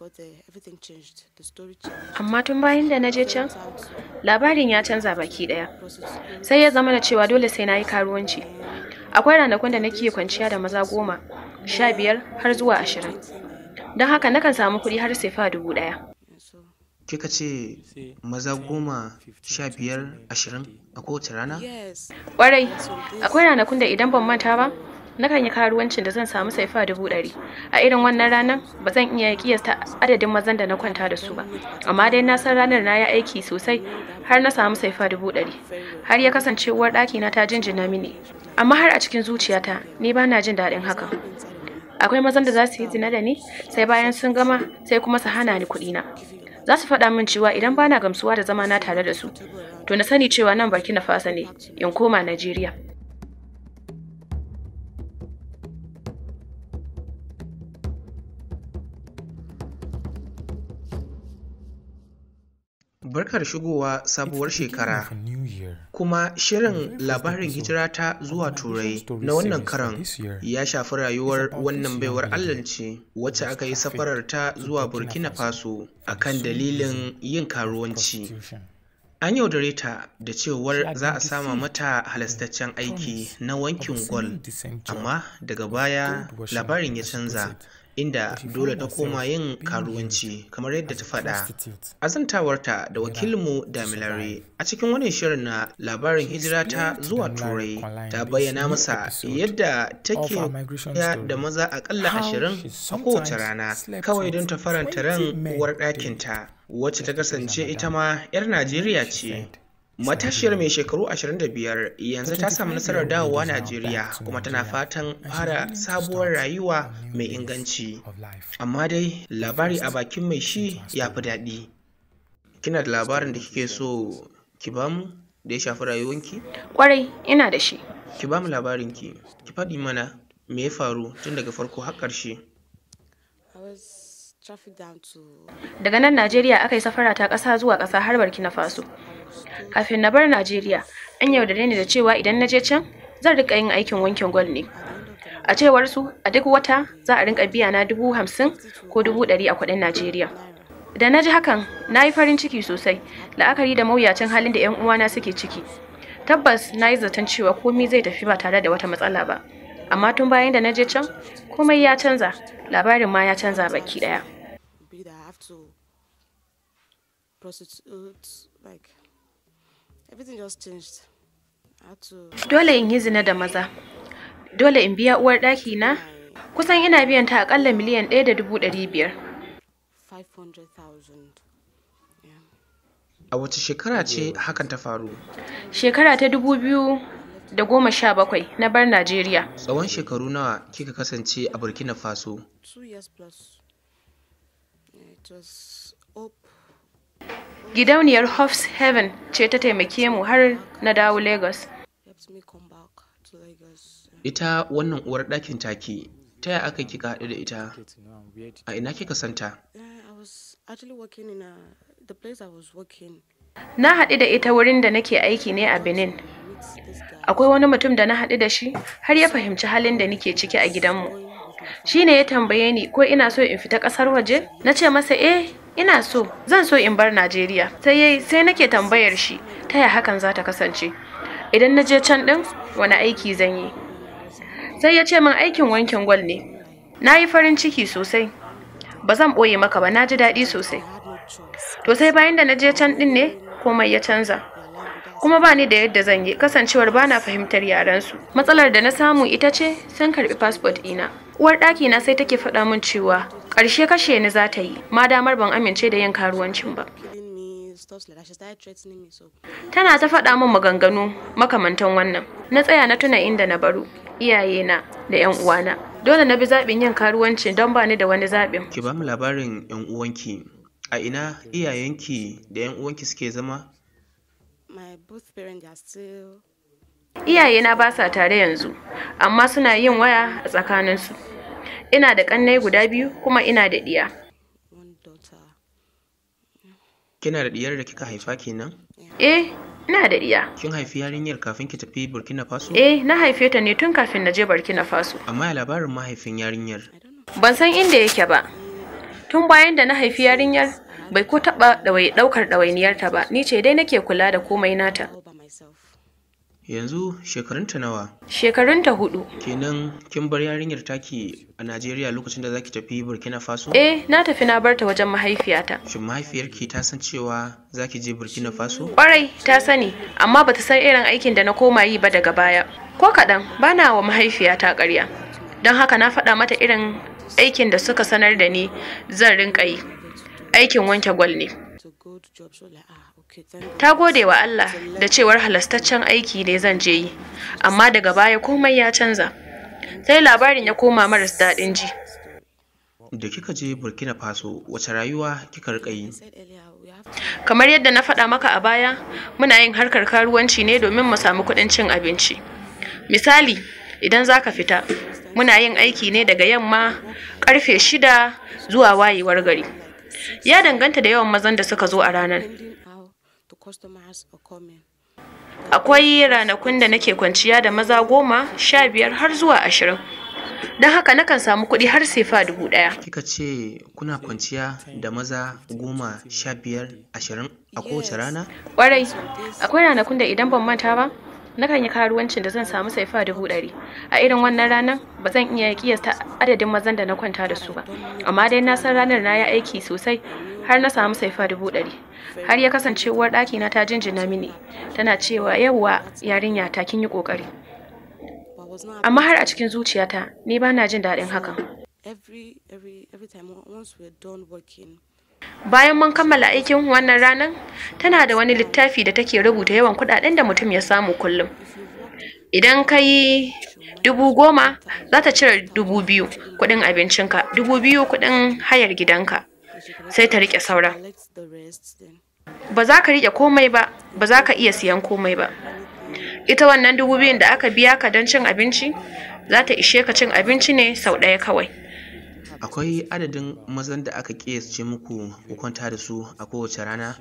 Eh, Amma tun bayan da na je can, labarin ya canza baki ɗaya. Sai ya zama da cewa dole sai na yi karuwanci. Akwai ranakun da nake kwanciya da maza goma, sha biyar har zuwa ashirin. Don haka nakan samu kuɗi har sai fa dubu ɗaya. Kika ce maza goma sha biyar ashirin a kowace rana? Ƙwarai, akwai ranakun da idan ban manta ba, nakan yi karuwancin da zan samu saifa dubu ɗari a irin wannan ranar ba zan iya kiyasta adadin mazan da na kwanta da su ba amma dai na san ranar na yi aiki sosai har na samu saifa dubu ɗari har ya kasance uwar ɗaki na ta jinjina mini amma har a cikin zuciyata ni ba na jin daɗin hakan akwai mazan da za su yi zina da ni sai bayan sun gama sai kuma su hana ni kuɗi na za su faɗa min cewa idan bana gamsuwa da zama na tare da su to na sani cewa nan na fasa ne in koma najeriya barkar shigowa sabuwar shekara kuma shirin labarin hijira ta zuwa turai na wannan karan ya shafi rayuwar wannan baiwar allance wacce aka yi safarar ta zuwa burkina faso a kan dalilin yin karuwanci An yaudare ta da cewar za a sama mata halastaccen aiki na wankin gwal, amma daga baya labarin ya canza inda dole ta koma yin karuwanci kamar yadda ta faɗa. Azantawarta da wakilinmu da milare a cikin wani shirin na labarin hijira ta zuwa turai ta bayyana masa yadda take ya da maza akalla ashirin a kowace rana kawai don ta faranta ran uwar ɗakinta wacce ta kasance ita ma 'yar Najeriya ce. Matashiyar mai shekaru 25 yanzu ta samu nasarar dawowa Najeriya kuma tana fatan fara sabuwar rayuwa mai inganci. Amma dai labari a bakin mai shi ya fi daɗi. Kina da labarin da kike so ki bamu da ya shafi rayuwanki? Kwarai, ina da shi. Ki bamu labarinki, ki faɗi mana me ya faru tun daga farko har ƙarshe. Daga nan Najeriya aka yi safara ta ƙasa zuwa ƙasa har Burkina Faso. Kafin na bar Najeriya, an yaudare ni da cewa idan na je can zan rika yin aikin wankin gwal ne. A cewar su, a duk wata za a rinka biya na dubu hamsin ko dubu ɗari a kuɗin Najeriya. Da na ji hakan, na yi farin ciki sosai, la'akari da mawuyacin halin da 'yan uwana suke ciki. Tabbas na yi zaton cewa komai zai tafi ba tare da wata matsala ba. Amma tun bayan da na je can, komai ya canza, labarin ma ya canza baki ɗaya. dole in yi zina da maza dole in biya uwar ɗaki na kusan ina biyan ta aƙalla miliyan ɗaya da dubu ɗari biyar a wace shekara ce hakan ta faru shekara ta dubu biyu da goma sha bakwai na bar najeriya tsawon shekaru nawa kika kasance a burkina faso Gidauniyar Hopes Heaven ce ta taimake mu har na dawo Lagos. Ita wannan uwar ɗakin taki, ta ya aka kika haɗu da ita? A ina kika santa? Na haɗu da ita wurin da nake aiki ne a Benin. Akwai wani mutum da na haɗu da shi har ya fahimci halin da nake ciki a gidanmu. Shi ne ya tambaye ni ko ina so in fita ƙasar waje? Na ce masa eh ina so zan so in bar najeriya sai yayi sai nake tambayar shi ta ya hakan za ta kasance idan na je can ɗin wani aiki zan yi sai ya ce min aikin wankin gwal ne na yi farin ciki sosai ba zan ɓoye maka ba na ji daɗi sosai to sai bayan da na je can ɗin ne komai ya canza kuma ba ni da yadda zan yi kasancewar ba na fahimtar yarensu matsalar da na samu ita ce sun karɓi fasfot ɗina uwar ɗaki na sai take faɗa min cewa ƙarshe kashe ni za ta yi ma damar ban amince da yin karuwancin ba tana ta faɗa min maganganu makamantan wannan na tsaya na tuna inda na baro iyayena da yan uwana dole na bi zaɓin yin karuwanci don ba ni da wani zaɓin ki ba mu labarin yan uwanki a ina iyayenki da yan uwanki suke zama my iyayena ba sa tare yanzu amma suna yin waya a tsakaninsu ina da ƙannai guda biyu kuma ina da ɗiya kina da ɗiyar da kika haifa kenan eh ina da ɗiya kin haifi yarinyar kafin ki tafi burkina faso eh na haife ta ne tun kafin na je burkina faso amma ya labarin mahaifin yarinyar ban san inda yake ba tun bayan da na haifi yarinyar bai ko taɓa ɗaukar ɗawainiyarta ba ni ce dai nake kula da komai nata Yanzu shekarunta nawa? Shekarunta hudu. Kenan kin bar yarinyar taki a Najeriya lokacin da zaki tafi Burkina Faso? Eh, na tafi na barta wajen mahaifiyata. Shin mahaifiyarki ta san cewa zaki je Burkina Faso? Kwarai, ta sani, amma bata san irin aikin da na koma yi ba daga baya. Ko kaɗan, bana wa mahaifiyata ƙarya. Don haka na faɗa mata irin aikin da suka sanar da ni zan rinƙa yi. Aikin wanke gwal ne. Ah, Ta gode wa Allah da cewar halastaccen aiki ne zan je yi, amma daga baya komai ya canza. Sai labarin ya koma maras daɗin ji. Da kika je Burkina Faso wace rayuwa kika riƙa yi? Kamar yadda na faɗa maka a baya, muna yin harkar karuwanci ne domin mu samu kuɗin cin abinci. Misali, idan za ka fita, muna yin aiki ne daga yamma ƙarfe shida zuwa wayewar gari. ya danganta da yawan mazan da suka zo a ranar akwai ranakun da nake kwanciya da maza goma sha biyar har zuwa ashirin don haka nakan samu kuɗi har sai fa dubu ɗaya kika ce kuna kwanciya da maza goma sha biyar ashirin a kowace rana ƙwarai akwai ranakun da idan ban manta ba nakan yi karuwancin da zan samu saifa dubu ɗari a irin wannan ranar ba zan iya kiyasta adadin mazan da na kwanta da su ba amma dai na san ranar na ya aiki sosai har na samu saifa dubu ɗari har ya kasance uwar ɗaki na ta jinjina mini tana cewa yawwa yarinya ta kin yi ƙoƙari amma har a cikin zuciyata ni ba na jin daɗin hakan every every every time once we're done working bayan mun kammala aikin wannan ranar tana da wani littafi da take rubuta yawan kudaden da mutum ya samu kullum idan ka yi dubu goma za ta cire dubu biyu kudin abincinka dubu biyu kudin hayar gidanka sai ta rike saura ba za ka rike komai ba ba za ka iya siyan komai ba ita wannan dubu biyun da aka biya ka don cin abinci za ta ishe ka cin abinci ne sau ɗaya kawai akwai adadin mazan da aka ƙiyasce muku ku kwanta da su a kowace rana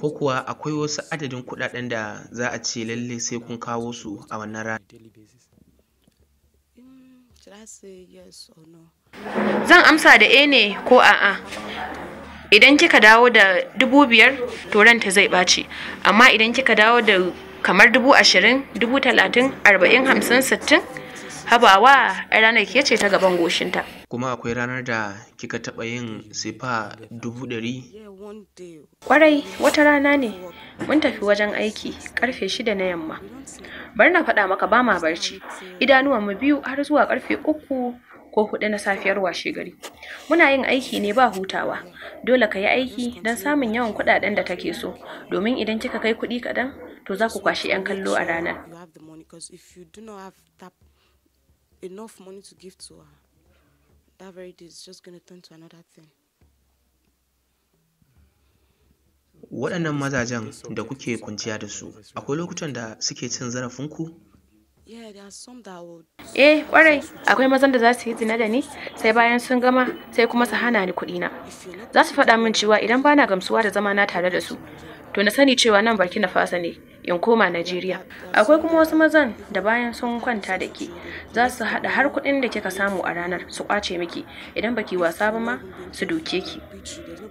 ko kuwa akwai wasu adadin kudaden da za a ce lalle sai kun kawo su a wannan rana zan amsa da e ne ko a'a idan kika dawo da dubu biyar to ranta zai ɓaci amma idan kika dawo da kamar dubu ashirin dubu talatin arba'in hamsin sittin habawa ranar ke ce ta gaban goshinta kuma akwai ranar da kika taba yin sifa dubu ɗari kwarai wata rana ne mun tafi wajen aiki karfe shida na yamma bari na faɗa maka ba ma barci idanuwan mu biyu har zuwa karfe uku ko hudu na safiyar washe gari muna yin aiki ne ba hutawa dole ka yi aiki don samun yawan kudaden da take so domin idan kika kai kuɗi kaɗan to za ku kwashi 'yan kallo a ranar enough money to give to her, that very day is just going to turn to another thing. Waɗannan mazajen da kuke kwanciya da su, akwai lokutan da suke cin zarafinku? Eh, kwarai, akwai mazan da za su yi zina da ni, sai bayan sun gama, sai kuma su hana ni kuɗina. Za su faɗa min cewa idan bana gamsuwa da zamana tare da su, to na sani cewa nan burkina fasa ne, in koma Najeriya. Akwai kuma wasu mazan da bayan sun kwanta da ke za su haɗa har kuɗin da kika samu a ranar su ƙwace miki idan baki wasa ba ma su doke ki.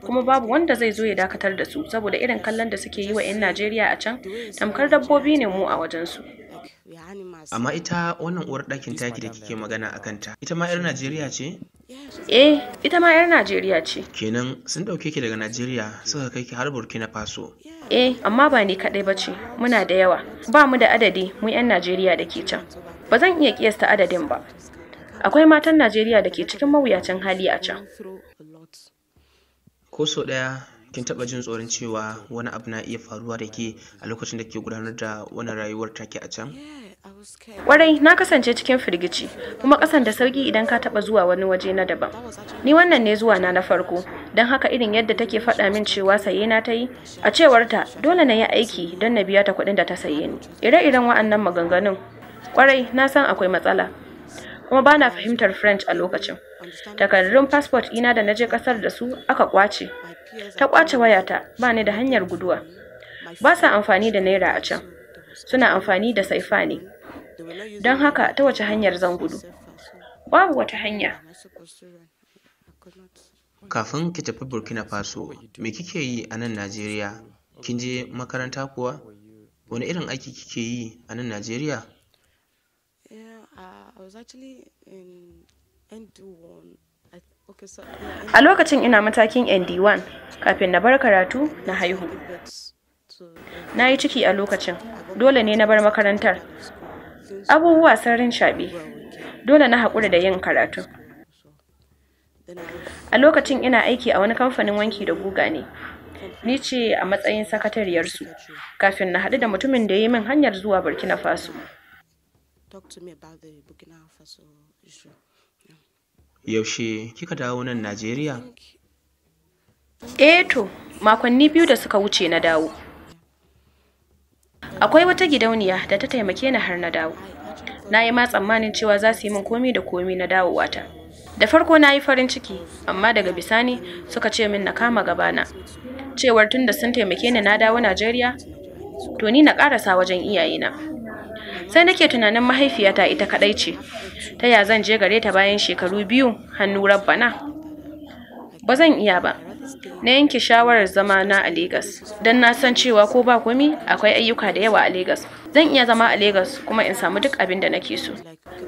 Kuma babu wanda zai zo ya dakatar da su saboda irin kallon da suke yi wa 'yan Najeriya a can tamkar dabbobi ne mu a wajensu. Amma ita wannan uwar ɗakin taki da kike magana a kanta, ita ma 'yar Najeriya ce? Eh, ita ma 'yar Najeriya ce. Kenan sun ɗauke ki daga Najeriya suka kai ki har Burkina Faso. Eh, amma ba ni kaɗai ba ce, muna da yawa. Ba mu da adadi mu 'yan Najeriya da ke can. Ba zan iya kiyasta adadin ba. Akwai matan Najeriya da ke cikin mawuyacin hali a can. Ko so ɗaya kin taɓa jin tsoron cewa wani abu na iya faruwa da ke a lokacin da ke gudanar da wani rayuwar take a can? Ƙwarai, na kasance cikin firgici kuma kasan da sauki idan ka taba zuwa wani waje na daban. Ni wannan ne zuwa na na farko don haka irin yadda take faɗa min cewa saye na ta yi a cewarta dole na yi aiki don na biya ta kuɗin da ta saye ni. Ire-iren wa'annan maganganun kwarai na san akwai matsala kuma ba na fahimtar French a lokacin. Takardun passport ina da na je kasar da su aka kwace. Ta kwace wayata ba ni da hanyar guduwa. Ba sa amfani da naira a can. Suna amfani da saifa ne. don haka ta wace hanyar zan gudu babu wata hanya kafin ki tafi burkina faso me kike yi a nan najeriya kin je makaranta kuwa wani irin aiki kike yi a nan najeriya a lokacin ina matakin nd1 kafin na bar karatu na haihu na yi ciki a lokacin dole ne na bar makarantar abubuwa sun shaɓe, dole na haƙura da yin karatu a lokacin ina aiki a wani kamfanin wanki da guga ne ni ce a matsayin sakatariyarsu kafin na haɗu da mutumin da ya yi min hanyar zuwa burkina faso yaushe kika dawo nan najeriya Eto, eh makonni biyu da suka wuce na dawo akwai wata gidauniya da ta taimake ni har na dawo na yi ma tsammanin cewa za su yi min komi da komi na dawowata da farko na yi farin ciki amma daga bisani suka ce min na kama gabana cewar tunda sun taimake ni na dawo najeriya to ni na karasa wajen iyayena sai nake tunanin mahaifiyata ita kadai ce ta ya zan je gare ta bayan shekaru biyu hannu rabbana ba zan iya ba Na yanke shawarar zama na a Legas don na san cewa ko ba komi akwai ayyuka da yawa a Legas. Zan iya zama a Legas kuma in samu duk abin da nake so.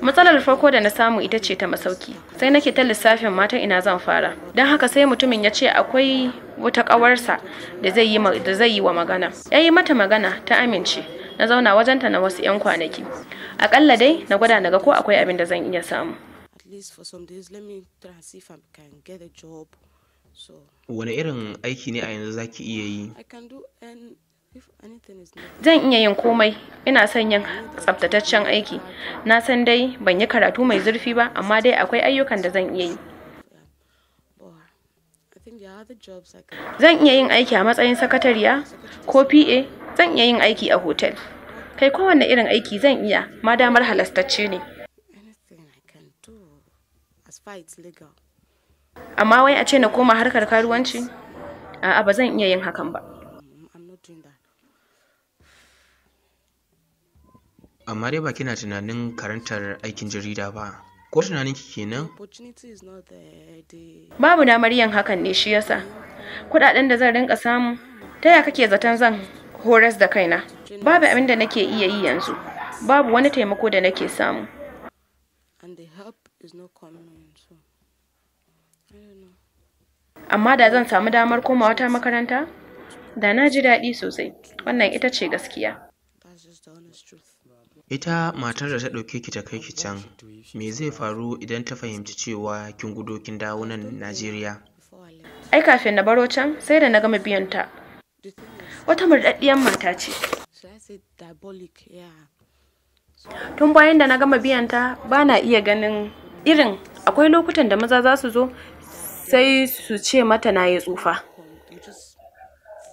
Matsalar farko da na samu ita ce ta masauki. Sai nake ta lissafin matan ina zan fara. Don haka sai mutumin ya ce akwai wata ƙawarsa da zai yi da zai yi wa magana. Ya yi mata magana ta amince. Na zauna wajenta na wasu 'yan kwanaki. Aƙalla dai na gwada na ko akwai abin da zan iya samu. At least can get job. Wani irin aiki ne a yanzu za ki iya yi? Zan iya yin komai, ina son yin tsaftataccen aiki. Na san dai ban yi karatu mai zurfi ba, amma dai akwai ayyukan da zan iya yi. Zan iya yin aiki a matsayin sakatariya ko PA, zan iya yin aiki a hotel. Kai kowane irin aiki zan iya, ma damar halastacce ne. amma wai a ce na koma harkar karuwanci a'a ba zan iya yin hakan ba amma dai ba kina tunanin karantar aikin jarida ba ko tunanin ki kenan babu damar yin hakan ne shi yasa kudaden da zan rinka samu ta ya kake zaton zan horas da kaina babu abin da nake iya yi yanzu babu wani taimako da nake samu and the is not coming amma da zan samu damar koma wata makaranta da na ji daɗi sosai wannan ita ce gaskiya ita matar da ta ɗauke ki ta kai ki can me zai faru idan ta fahimci cewa kin gudo kin dawo nan najeriya ai kafin na baro can sai da na gama biyan ta wata murɗaɗɗiyar mata ce tun bayan da na gama biyan ta ba na iya ganin irin akwai lokutan da maza za su zo sai su ce mata na yi tsufa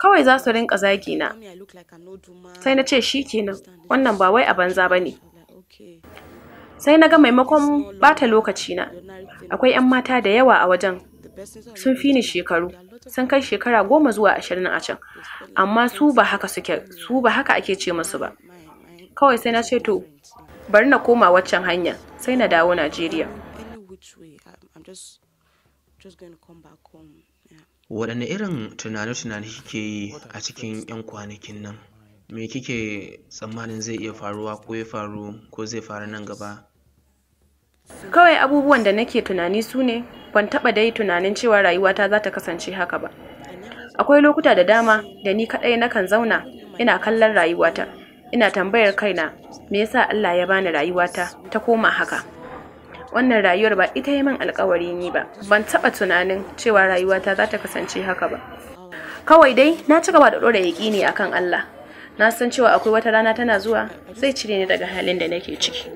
kawai za su rinka zagi na sai na ce shi kenan wannan ba wai a banza ba ne sai na ga maimakon bata lokaci na akwai 'yan mata da yawa a wajen sun fi ni shekaru sun kai shekara goma zuwa ashirin a can amma su ba haka suke su ba haka ake ce musu ba kawai sai na ce to bari na koma waccan hanya sai na dawo najeriya just going come back home yeah waɗanne irin tunane-tunane kike yi a cikin 'yan kwanakin nan me kike tsammanin zai iya faruwa ko ya faru ko zai faru nan gaba kawai abubuwan da nake tunani su ne ban taɓa dai tunanin cewa rayuwata za ta kasance haka ba akwai lokuta da dama da ni kaɗai nakan zauna ina kallon rayuwata ina tambayar kaina me yasa allah ya bani rayuwata ta koma haka wannan rayuwar ba ita yi min alkawari ni ba ban taba tunanin cewa rayuwata za ta kasance haka ba kawai dai na ci gaba da ɗora yaƙini akan Allah na san cewa akwai wata rana tana zuwa zai cire ni daga halin da nake ciki